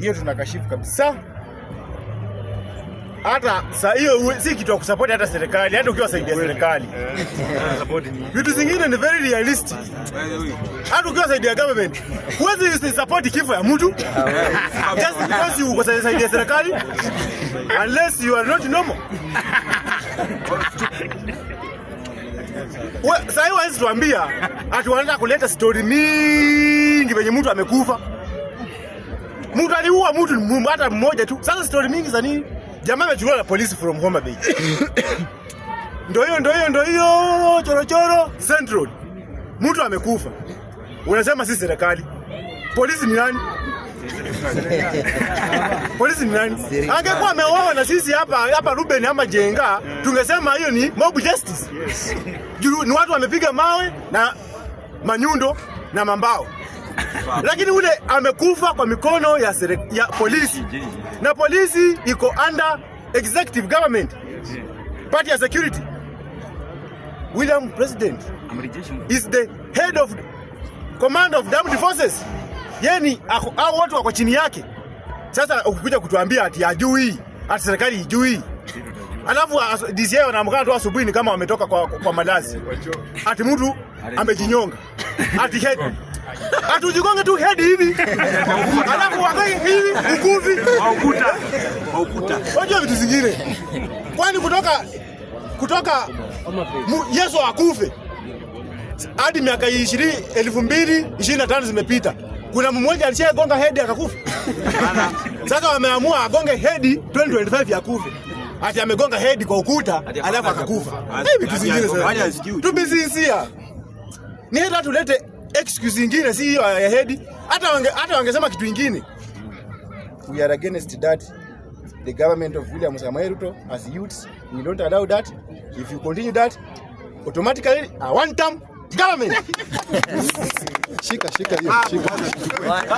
hiyo tunakashifu kabisa. Hata sa hiyo si kitu ya kusapoti hata serikali, hata ukiwa saidia serikali. Eh. Vitu zingine ni very realistic. Hata ukiwa saidia government, huwezi support kifo ya mtu just because you uko saidia serikali unless you are not normal. Sasa hiyo hawezi tuambia ati wanataka kuleta story mingi venye mtu amekufa mtu aliua mtu hata mmoja tu. Sasa stori mingi za nini? Jamaa amechukua na polisi from Homa Bay. Ndio hiyo ndio hiyo ndio hiyo choro Central. Mtu amekufa. Unasema sisi serikali. Polisi ni nani? polisi ni nani? Angekuwa ameoa na sisi hapa hapa Ruben ama Jenga, tungesema hiyo ni mob justice. Yes. Juru, ni watu wamepiga mawe na manyundo na mambao. lakini ule amekufa kwa mikono ya, sere, ya polisi na polisi iko under executive government party ya security. William President is the head of command of armed forces, yani au watu wako chini yake. Sasa ukikuja kutuambia ati ajui ati serikali ijui Alafu DCI wanaamkana tu asubuhi ni kama wametoka kwa, kwa malazi, ati mtu amejinyonga ati head atujigonge tu hedi hivi alafu wakai hivi ukuvi waukuta wajua vitu zingine kwani kutoka kutoka Yesu akufe hadi miaka ishirini elfu mbili ishirini na tano zimepita kuna mmoja alishagonga hedi akakufa. Sasa wameamua agonge hedi 2025 yakufe Ati amegonga hedi kwa ukuta alafu akakufa. Vitu zingine sana. Ni hata tulete excuse ingine si hiyo ya Hedi, hata wange, hata wangesema kitu ingine. We are against that. The government of William Samoei Ruto as youths, we don't allow that. If you continue that, automatically a one term government. shika shika hiyo shika.